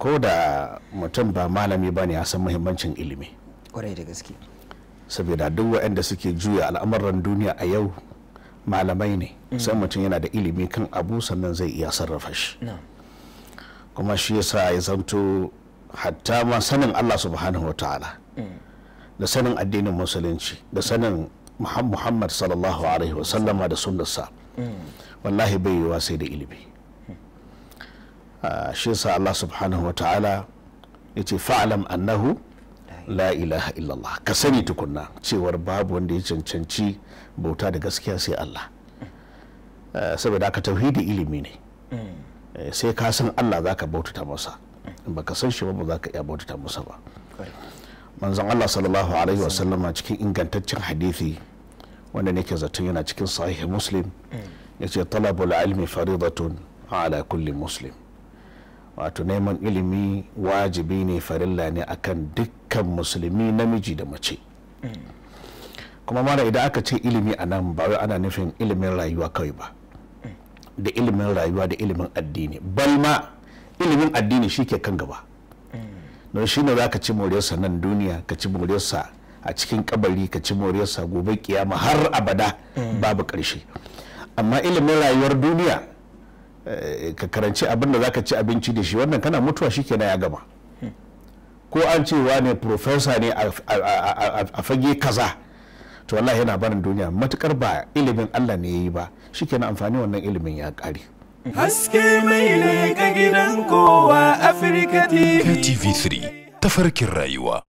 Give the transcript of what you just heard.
ko da mutum ba malami ba ne ya san muhimmancin ilimi kwarai da gaske saboda duk waɗanda suke juya al'amuran duniya a yau malamai ne mm. sai mutum yana da ilimi kan abu sannan zai iya sarrafa shi kuma shi yasa ya zanto hatta ma sanin Allah subhanahu wa ta'ala mm. da sanin addinin musulunci da sanin muhammad sallallahu alaihi wasallama da sunnarsa mm. wallahi bai yi sai da ilimi Ah, shi sa Allah subhanahu wa ta'ala ya ce fa'alam annahu la ilaha illallah ka sani tukunna cewar babu wanda ya cancanci bauta da gaskiya sai Allah ah, saboda aka tauhidi ilimi ne eh, sai ka san Allah za ka bautata masa ba ka san shi ba ba za ka iya bautata masa ba manzon Allah sallallahu alaihi wasallama cikin ingantaccen hadithi wanda nake zaton yana cikin sahih muslim yace ce talabul ilmi faridatun ala kulli muslim wato neman ilimi wajibi ne farilla ne akan dukkan musulmi namiji da mace kuma mara idan aka ce ilimi a nan ba wai ana nufin ilimin rayuwa kawai ba da ilimin rayuwa da ilimin addini balma ilimin addini shi ke kan gaba don shi ne za ka ci moriyarsa nan duniya ka ci moriyarsa a cikin kabari ka ci moriyarsa gobe kiyama har abada babu karshe amma ilimin rayuwar duniya Eh, ka karanci abin da zaka ci abinci da shi wannan kana mutuwa shike ya gama ko an ce wa ne profesa ne a fage kaza to wallahi yana barin duniya matukar ba ilimin Allah ne yayi ba na amfani wannan ilimin ya kare haske mai ne gidan kowa afirka TV TV3 tafarkin rayuwa